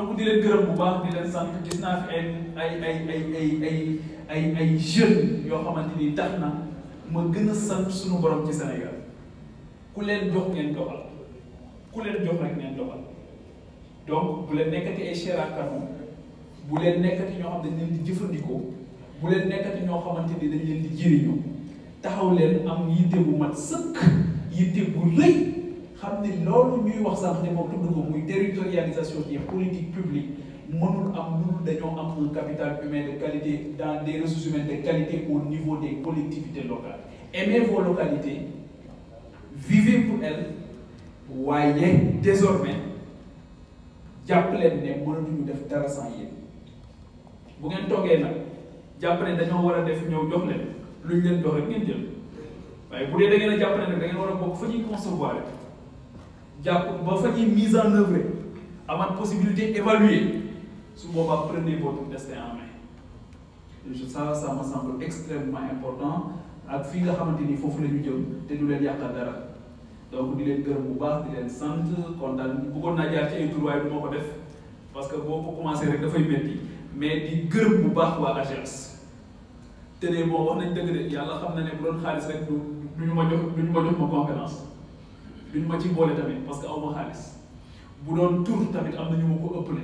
donc di leen gërëm bu baax di leen sant gis naa fi ay ay ay ay ay ay ay yoo xamante ni tax na ma gën a sant suñu borom ci Sénégal ku leen jox ngeen doxal ku leen jox rek ngeen doxal donc bu leen nekkati ay chair à canon bu leen nekkati ñoo xam jëfandikoo bu leen nekkati ñoo xamante ni lañ leen di jëriñoo taxaw leen am yitte bu mat sëkk yitte bu rëy. xam ne loolu ñuy wax sànq ne moom tudd ko muy territorialisation des politiques publiques mënul am loolu dañoo am un capital humain de qualité dans des ressources humaines de qualité au niveau des collectivités locales aimez vos localités vivez pour elles waaye désormais jàpp leen ne def dara sans yéen bu ngeen toogee nag jàpp ne dañoo war a def ñoo jox leen luñ leen jox rek ngeen jël waaye bu dee da ngeen a jàpp ne nag jàpp ba fa ñuy mise en œuvre amaat possibilité évaluer su boobaa prenez votre destin en main je ça ça me semble extrêmement important ak fii nga xamante ni foofu la ñu jëm te du leen yàqal dara donc di leen gërëm bu baax di leen sant kontaan bëggoon naa jaar ci ay tur waaye du ma ko def parce que boo ko rek dafay metti mais di gërëm bu baax waa agence te ne bon wax nañ dëgg de yàlla xam na ne bu doon xaalis rek du ñu ma jox du ma jox duñ ma ci boole tamit parce que aw ma xaalis bu doon tur tamit am na ñu ma ko ëpp ëppale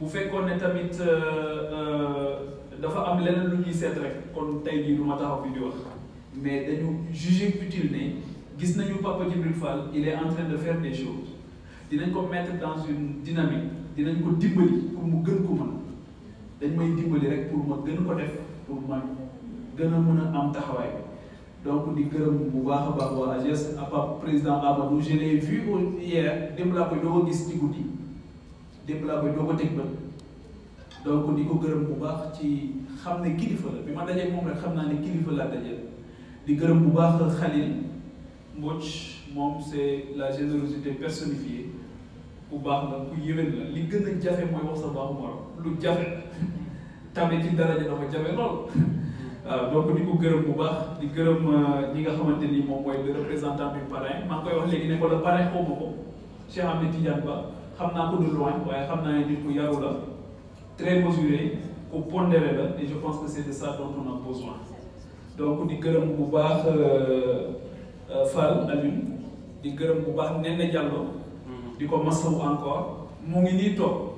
bu fekkoon ne tamit euh, euh, dafa am leneen lu ñuy seet rek kon tey jii du ma taxaw fi di wax mais dañu juger utile ne gis nañu Papa Djibril Fall il est en train de faire des choses dinañ ko mettre dans une dynamique dinañ ko dimbali pour mu gën ko mën dañ may dimbali rek pour ma gën ko def pour ma gën a mën a am taxawaay. donc di gërëm bu baax a baax waa AGS à part président Amadou je l'ai vu hier démb laa koy doo ko gis ci laa koy doo ko teg ba donc di ko gërëm bu baax ci xam ne kilifa la bi ma dajee moom rek xam naa ne kilifa laa dajee di gërëm bu baax Khalil Mbodj moom c'est la générosité personnifiée bu baax la ku yéwén la li gën a jafe mooy wax sa baaxu lu jafe tamit ci daraja dafa jafe lool Euh, donc di ko gërëm bu baax di gërëm euh, ñi nga xamante ni moom mooy le représentant du parrain maa ngi koy wax léegi ne ko le parrain xaw ma ko Cheikh Ahmed Tidiane Ba xam naa ko de loin waaye xam na ne di ku yaru la très mesuré ku pondéré la et je pense que c' est de ça dont on a donc di gërëm bu baax euh, Fall Alioune di gërëm bu baax Néné Diallo mm-hmm. di ko masawu encore mu ngi nii toog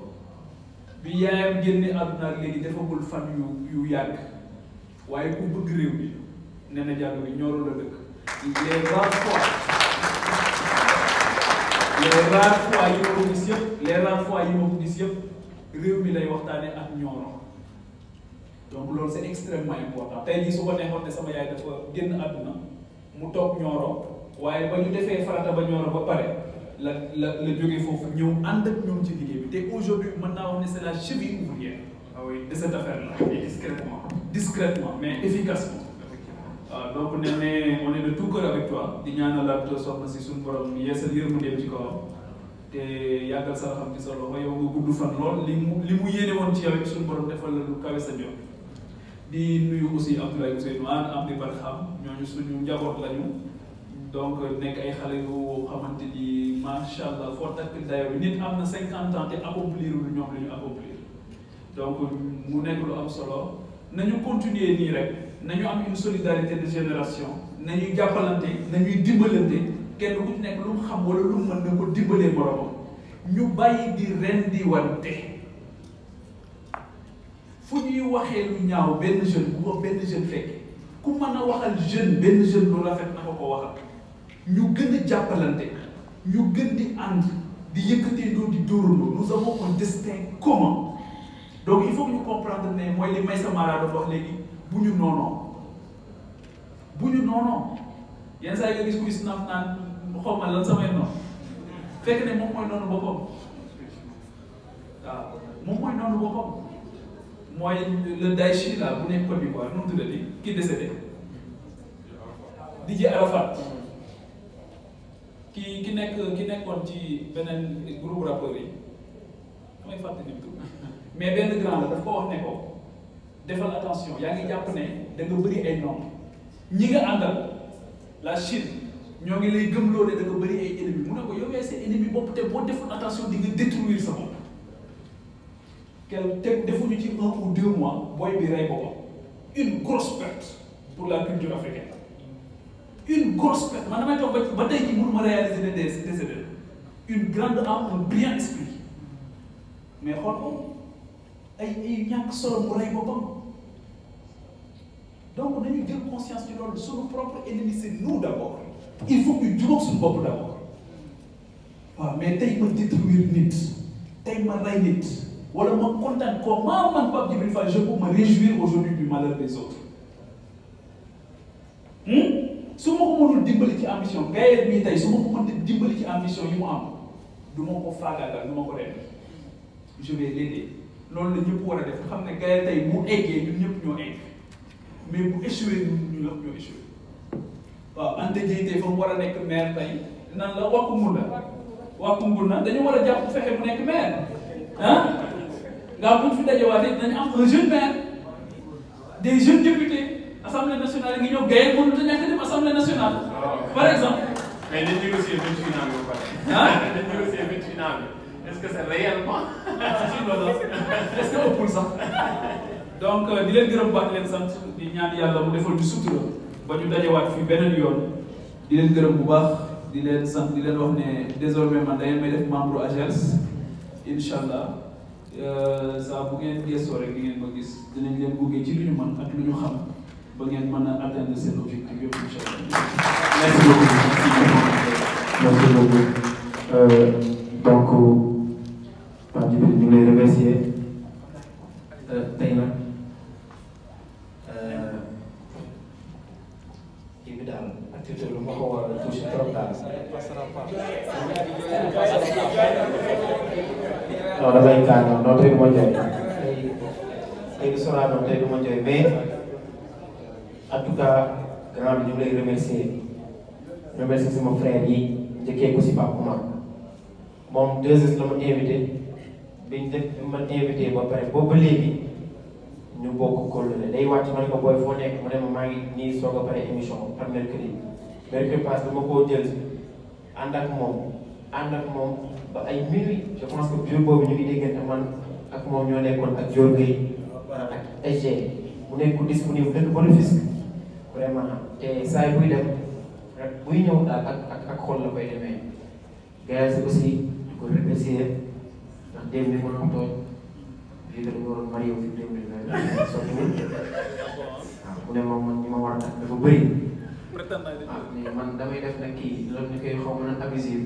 bi yaayam génne àdduna ak léegi defagul fan yu yu yàgg. waaye ku bëgg réew mi nee na jàll bi ñoro la dëkk les rares fois les yi ma ko gis réew mi lay waxtaane ak ñoro donc loolu c'est extrêmement important tey jii su ko neexoon ne sama yaay dafa génn àdduna mu toog ñooro waaye ba ñu defee farata ba ñooro ba pare la la la jógee foofu ñëw ànd ak ñoom ci liggéey bi te aujourd'hui mën naa wax ne c'est la cheville ouvrière ah oui de cette affaire là et discrètement discrètement mais efficacement. waaw ah, donc nee nañ on est de tout cœur avec toi di ñaanalaat soxna si suñu borom yeesal yërmandeem ci kawam te yàggal sa xam ci sa loxo yow nga gudd fan lool li mu li mu yéene woon ci yow suñu borom defal la lu kawe sa njort di nuyu aussi Abdoulaye Ousseynou Anne Amdi Barham ñooñu suñu njaboot lañu donc nekk ay xale yu xamante ni macha allah foo takk dayo bi nit am na cinquante ans te accomplir lu ñoom la ñu accomplir. donc mu nekk lu am solo nañu continuer nii rek nañu am une solidarité de génération nañuy jàppalante nañuy dimbalante kenn ku ci nekk lu mu xam wala lu mu mën na ko dimbalee moromam ñu bàyyi di rendiwante fu ñuy waxee lu ñaaw benn jeune bu ko benn jeune fekkee ku mën a waxal jeune benn jeune lu rafet na ko ko waxal ñu gën a jàppalante ñu gën di ànd di yëkkatee doo di dóorandoo nous avons un destin commun donc il faut ñu comprendre ne mooy li may sa malade wax léegi bu ñu noonoo bu ñu noonoo yenn saa yi gis kuy snap naan xaw ma lan samay noon fekk ne moom mooy noonu boppam waaw moom mooy noonu boppam mooy le Daichi là bu nekk Côte d'Ivoire nu mu tuddati kii décédé ki ki nekk ki nekkoon ci beneen groupe rappeur yi. damay fàttali tur mais benn grand la daf ko wax ne ko defal attention yaa ngi jàpp ne da bëri ay noom ñi nga àndal la Chine ñoo ngi lay gëm loole da nga bëri ay ennemis mu ne ko yow yaay seen ennemi bopp te boo deful attention di nga détruire sa bopp kenn teg defuñu ci un ou deux bi rey boppam une grosse perte pour la culture africaine une grosse perte man damay toog ba ba tey jii mënuma réaliser des des une grande âme un brillant mais xool ko ay ay ñàkk solo mu rey boppam donc nañu jël conscience ci loolu suñu propre ennemi c'est nous d'abord il faut que ñu juróom suñu bopp d'abord waaw mais tey ma détruire nit tey ma rey nit wala ma kontaan ko maa man Pape Djibril Fall je peux me réjouir aujourd'hui du malheur des autres hmm? su ma ko mënul dimbali ci ambition gayeer mii tey su ma ko mënul dimbali ci ambition yi mu am du ma ko faagaagal du ma ko def je vais l'aider loolu la ñëpp war def xam ne gars yi tey bu eggee ñun ñëpp ñoo egg mais bu échoué ñun ñun ñoo échoué waaw Anta Diagne tey war a nekk maire tey nan la wàkku mbur la wàkku mbur na dañu war a jàpp fexe mu nekk maire ah nga buñ de dajewaatee dinañ am un jeune maire des jeunes députés assemblée nationale ngi ñëw gayee mënut a ñàkk dem assemblée nationale par exemple mais dañ négocier vingt est-ce que c'est réel quoi. Ah, est-ce sax donc euh, di leen gërëm baat leen sant di ñaan yàlla mu defal ñu sutura ba ñu dajewaat fii beneen yoon di leen gërëm bu baax di leen sant di leen wax ne désormais man da ngeen may def membre agence incha allah euh, saa bu ngeen gëstoo rek di ngeen ma gis dinañ leen buggee ci lu ñu mën ak lu ñu xam ba ngeen mën a atteindre seen objectif yëpp incha allah. merci beaucoup merci beaucoup euh, donc. ñu ngi lay remercier tey nag kii bi daal activité lu ma ko war a touché trop daal. non damay gàllankoor non tey du ma jooy tey du Sorano tey du ma jooy mais en tout cas grand bi ñu ngi lay remercier remercier sama frère yi njëkkee ko si Pape Oumar moom deux heures la ma invité. biñ def bi ma ba pare boobu ba léegi ñu bokk kóllëre day wàcc ma ne ko booy foo nekk mu ne ma maa ngi nii soog a pare émission par mercredi mercredi passe dama koo jël ànd ak moom ànd ak moom ba ay minuit je pense que jour boobu ñu ngi déggante man ak moom ñoo nekkoon ak Dior Gueye ak SG mu nekk ku disponible dëkk ba Rufisque vraiment te saa buy dem buy ñëw daal ak ak ak xol la koy demee gars yi aussi di ko remercier démb bi ko doon tooñ fii ko dañu waroon marié fi démb bi nga sotti waaw mu ne moom man ñi ma war a takk dafa bëri ah mais man damay def nag kii loolu ñu koy xaw ma nan abusif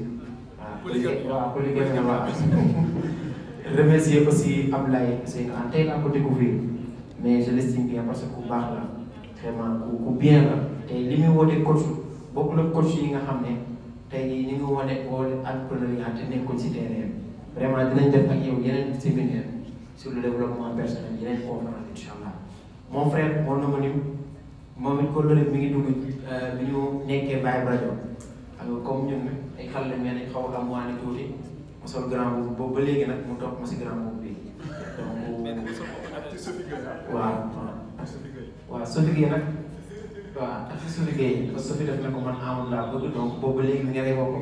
waaw waaw polygame nga waaw remercier aussi Ablaye Seydou Anta tey laa ko découvrir mais je l'estime bien parce que ku baax la vraiment ku ku bien la te li muy woote coach bokk na coach yi nga xam ne tey jii ni mu wane woo entreprenariat te nekkoon ci vraiment dinañ def ak e yow yeneen séminaire sur le développement personnel yeneen conférence incha allah mon frère mon homonyme moom it ko loolu mi ngi dugg bi euh, ñu nekkee Vibe Radio alors comme ñun ay xale la mais nañ xaw am waane tuuti mu sol grand boobu boobu ba léegi nag mu topp ma si grand boobu bi donc waaw waaw soo liggéey nag waaw ak su liggéey parce que su fi def na ko man amul laa bëgg donc boobu léegi mi nga lay bokk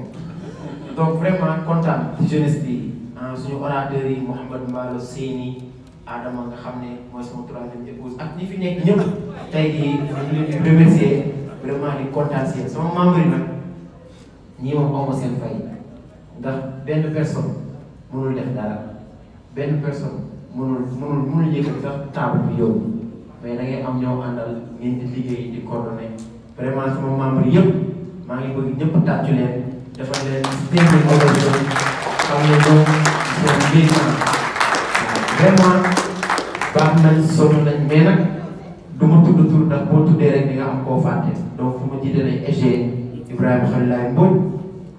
donc vraiment kontaan jeunesse bi maanaam ah, suñu orateur yi Mouhamed Mballo Seyni Adama nga xam ne mooy sama troisième épouse ak ñi fi nekk ñëpp tey jii ñu leen di remercier vraiment di kontaan seen sama membre yi nag ñii moom aw ma seen fay ndax benn personne mënul def dara benn personne mënul mënul mënul yëkkati sax table bi yow mais da ngay am ñoo àndal ngeen di liggéey di coordonné vraiment sama membre yëpp maa ngi bëgg ñëpp tàccu leen defal leen seen amuñu seen mbir vraiment baax nañ sonn nañ mais nag du ma tudd tur ndax boo tuddee rek di nga am koo fàtte donc fu ma jiite lay EG Ibrahima Khalilay Mbodj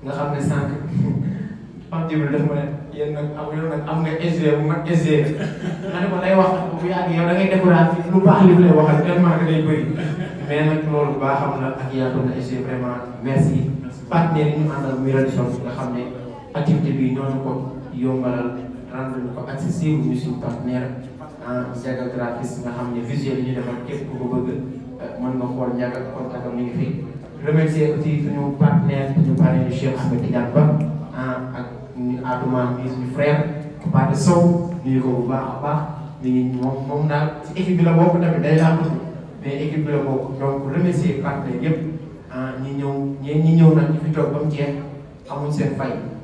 nga xam ne sànq Pape Djibril daf ma ne yéen nag am yow nag am nga EG ma ne ko lay wax bu yàgg yow da ngay décourager lu baax li mu lay waxal tellement que day bëri mais nag loolu baaxam na ak yaatu na EG vraiment merci partenaire yi ñu àndal muy Radisson nga xam ne. activité bi ñoo ko yombalal rendre ñu ko accessible ñu suñu partenaire en Ndiaga graphiste nga xam ne visuel yi ñu defal képp ku ko bëgg euh, nga xool Ndiaga contact am ñu ngi fi. remercier aussi suñu partenaire suñu parrain Cheikh Ahmed Tidiane Ba ah, ak ñu Atouma mi suñu frère Pape Sow nuyu ko bu baax a baax ñu ngi moom moom daal ci équipe bi la bokk tamit day laa tudd mais équipe bi la bokk donc remercier partenaire yëpp ah, ñi ñëw ñi fi toog ba mu jeex amuñ fay.